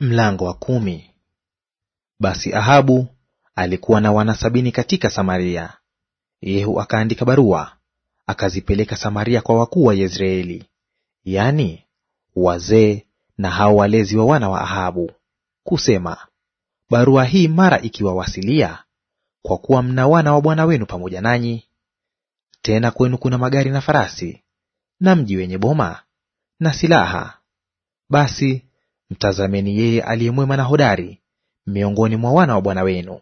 Mlango wa kumi. Basi Ahabu alikuwa na wana sabini katika Samaria. Yehu akaandika barua akazipeleka Samaria kwa wakuu wa Yezreeli, yaani wazee na hao walezi wa wana wa Ahabu, kusema, barua hii mara ikiwawasilia, kwa kuwa mna wana wa bwana wenu pamoja nanyi, tena kwenu kuna magari na farasi na mji wenye boma na silaha, basi Mtazameni yeye aliye mwema na hodari miongoni mwa wana wa bwana wenu,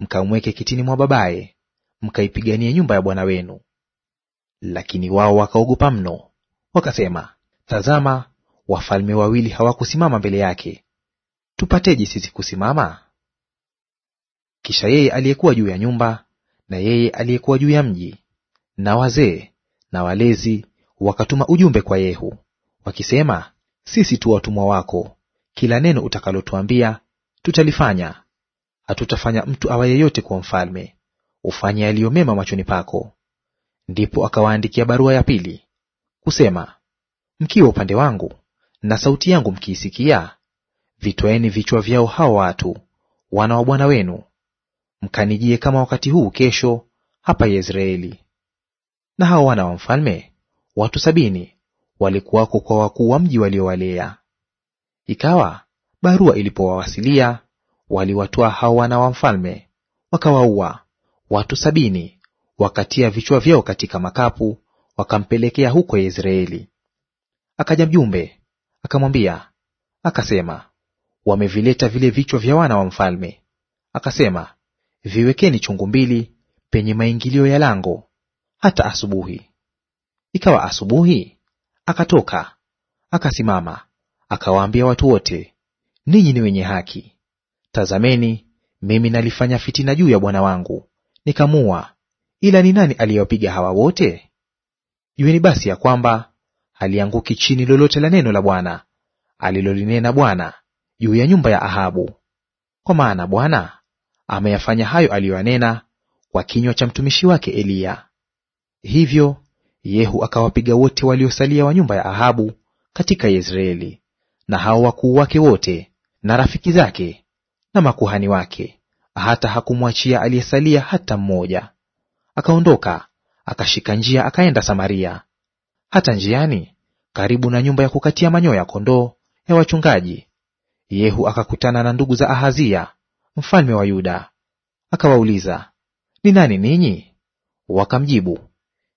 mkamweke kitini mwa babaye, mkaipiganie nyumba ya bwana wenu. Lakini wao wakaogopa mno, wakasema, tazama, wafalme wawili hawakusimama mbele yake; tupateje sisi kusimama? Kisha yeye aliyekuwa juu ya nyumba na yeye aliyekuwa juu ya mji na wazee na walezi wakatuma ujumbe kwa Yehu wakisema, sisi tu watumwa wako, kila neno utakalotuambia tutalifanya, hatutafanya mtu awa yeyote kuwa mfalme. Ufanye yaliyo mema machoni pako. Ndipo akawaandikia barua ya pili kusema, mkiwa upande wangu na sauti yangu mkiisikia, vitwaeni vichwa vyao hao watu wana wa bwana wenu, mkanijie kama wakati huu kesho hapa Yezreeli. Na hao wana wa mfalme watu sabini walikuwako kwa wakuu wa mji waliowalea. Ikawa barua ilipowawasilia, waliwatoa hao wana wa mfalme, wakawaua watu sabini, wakatia vichwa vyao katika makapu, wakampelekea huko Israeli. Akaja mjumbe akamwambia akasema, wamevileta vile vichwa vya wana wa mfalme. Akasema, viwekeni chungu mbili penye maingilio ya lango hata asubuhi. Ikawa asubuhi, akatoka akasimama akawaambia watu wote, ninyi ni wenye haki. Tazameni, mimi nalifanya fitina juu ya bwana wangu, nikamua; ila ni nani aliyewapiga hawa wote? Jueni basi ya kwamba halianguki chini lolote la neno la Bwana alilolinena Bwana juu ya nyumba ya Ahabu, kwa maana Bwana ameyafanya hayo aliyoyanena kwa kinywa cha mtumishi wake Eliya. Hivyo Yehu akawapiga wote waliosalia wa nyumba ya Ahabu katika Yezreeli na hao wakuu wake wote na rafiki zake na makuhani wake, hata hakumwachia aliyesalia hata mmoja. Akaondoka akashika njia akaenda Samaria. Hata njiani karibu na nyumba ya kukatia manyoya kondoo ya wachungaji, Yehu akakutana na ndugu za Ahazia mfalme wa Yuda. Akawauliza, ni nani ninyi? Wakamjibu,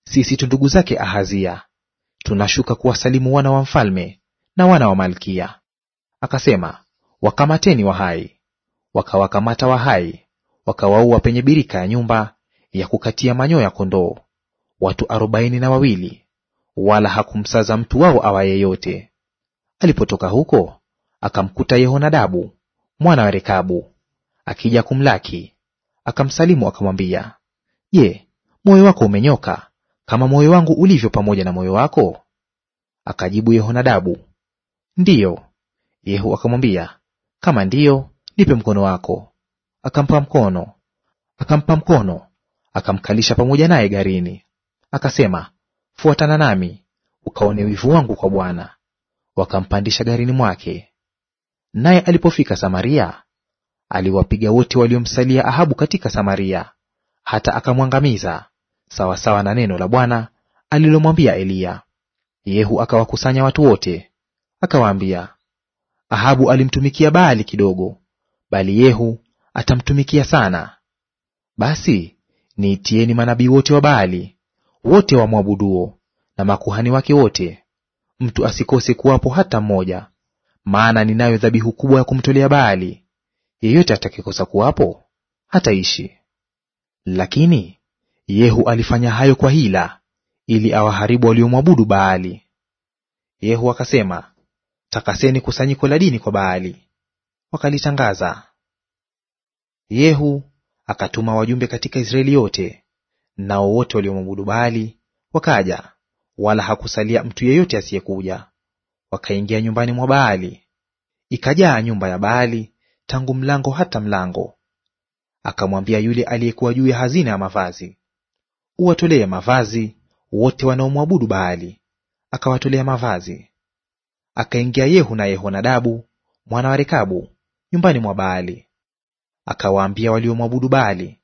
sisi tu ndugu zake Ahazia, tunashuka kuwasalimu wana wa mfalme na wana wa Malkia. Akasema, wakamateni wahai. Wakawakamata wahai, wakawaua penye birika ya nyumba ya kukatia manyoya kondoo, watu arobaini na wawili, wala hakumsaza mtu wao awa yeyote. Alipotoka huko, akamkuta Yehonadabu mwana wa Rekabu akija kumlaki, akamsalimu akamwambia, Je, moyo wako umenyoka kama moyo wangu ulivyo pamoja na moyo wako? Akajibu Yehonadabu, Ndiyo. Yehu akamwambia, kama ndiyo, nipe mkono wako. Akampa mkono, akampa mkono, akamkalisha pamoja naye garini. Akasema, fuatana nami, ukaone wivu wangu kwa Bwana. Wakampandisha garini mwake. Naye alipofika Samaria, aliwapiga wote waliomsalia Ahabu katika Samaria, hata akamwangamiza, sawasawa na neno la Bwana alilomwambia Eliya. Yehu akawakusanya watu wote Akawaambia, Ahabu alimtumikia Baali kidogo, bali Yehu atamtumikia sana. Basi niitieni manabii wote wa Baali, wote wamwabuduo, na makuhani wake wote, mtu asikose kuwapo hata mmoja, maana ninayo dhabihu kubwa ya kumtolea Baali; yeyote atakayekosa kuwapo hataishi. Lakini Yehu alifanya hayo kwa hila, ili awaharibu waliomwabudu Baali. Yehu akasema, takaseni kusanyiko la dini kwa Baali. Wakalitangaza. Yehu akatuma wajumbe katika Israeli yote, nao wote waliomwabudu Baali wakaja, wala hakusalia mtu yeyote asiyekuja. Wakaingia nyumbani mwa Baali, ikajaa nyumba ya Baali tangu mlango hata mlango. Akamwambia yule aliyekuwa juu ya hazina ya mavazi, uwatolee mavazi wote wanaomwabudu Baali. Akawatolea mavazi. Akaingia Yehu na Yehonadabu mwana wa Rekabu nyumbani mwa Baali, akawaambia waliomwabudu Baali,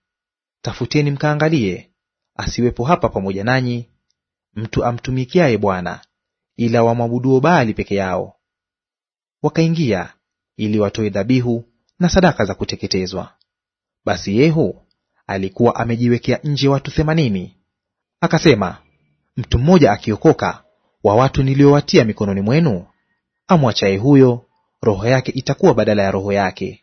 tafuteni mkaangalie, asiwepo hapa pamoja nanyi mtu amtumikiaye Bwana, ila wamwabuduo Baali peke yao. Wakaingia ili watoe dhabihu na sadaka za kuteketezwa. Basi Yehu alikuwa amejiwekea nje watu themanini. Akasema, mtu mmoja akiokoka wa watu niliowatia mikononi mwenu amwachaye huyo, roho yake itakuwa badala ya roho yake.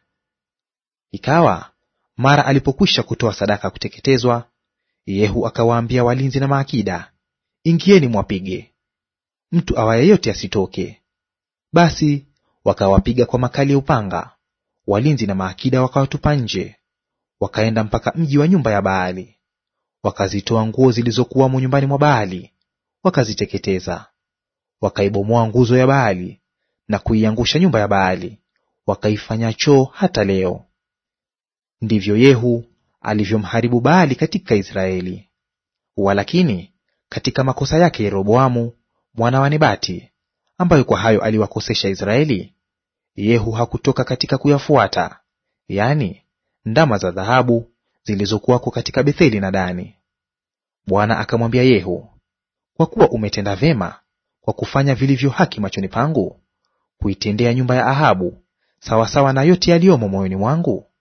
Ikawa mara alipokwisha kutoa sadaka ya kuteketezwa, Yehu akawaambia walinzi na maakida, ingieni mwapige, mtu awaye yote asitoke. Basi wakawapiga kwa makali ya upanga, walinzi na maakida wakawatupa nje, wakaenda mpaka mji wa nyumba ya Baali, wakazitoa nguo zilizokuwamo nyumbani mwa Baali, wakaziteketeza. Wakaibomoa nguzo ya Baali na kuiangusha nyumba ya Baali, wakaifanya choo hata leo. Ndivyo Yehu alivyomharibu Baali katika Israeli. Walakini katika makosa yake Yeroboamu mwana wa Nebati, ambayo kwa hayo aliwakosesha Israeli, Yehu hakutoka katika kuyafuata, yaani ndama za dhahabu zilizokuwako katika Betheli na Dani. Bwana akamwambia Yehu, kwa kuwa umetenda vema kwa kufanya vilivyo haki machoni pangu, kuitendea nyumba ya Ahabu sawasawa na yote yaliyomo moyoni mwangu?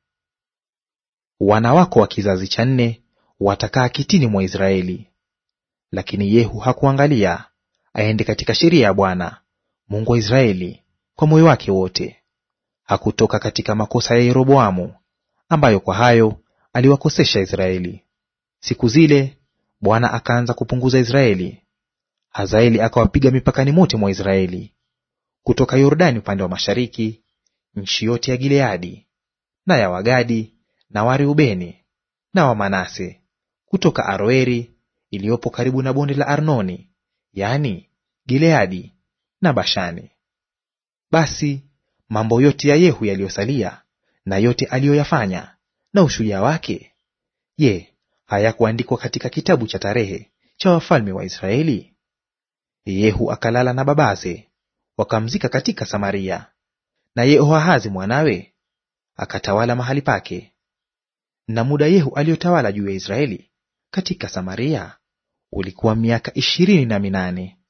Wana wako wa kizazi cha nne watakaa kitini mwa Israeli. Lakini Yehu hakuangalia aende katika sheria ya Bwana Mungu wa Israeli kwa moyo wake wote. Hakutoka katika makosa ya Yeroboamu ambayo kwa hayo aliwakosesha Israeli. Siku zile Bwana akaanza kupunguza Israeli. Hazaeli akawapiga mipakani mote mwa Israeli, kutoka Yordani upande wa mashariki, nchi yote ya Gileadi na ya Wagadi na Wareubeni na Wamanase, kutoka Aroeri iliyopo karibu na bonde la Arnoni, yaani Gileadi na Bashani. Basi mambo yote ya Yehu yaliyosalia na yote aliyoyafanya na ushujaa wake, je, hayakuandikwa katika kitabu cha tarehe cha wafalme wa Israeli? Yehu akalala na babaze, wakamzika katika Samaria. Na Yehoahazi mwanawe akatawala mahali pake. Na muda Yehu aliyotawala juu ya Israeli katika Samaria ulikuwa miaka ishirini na minane.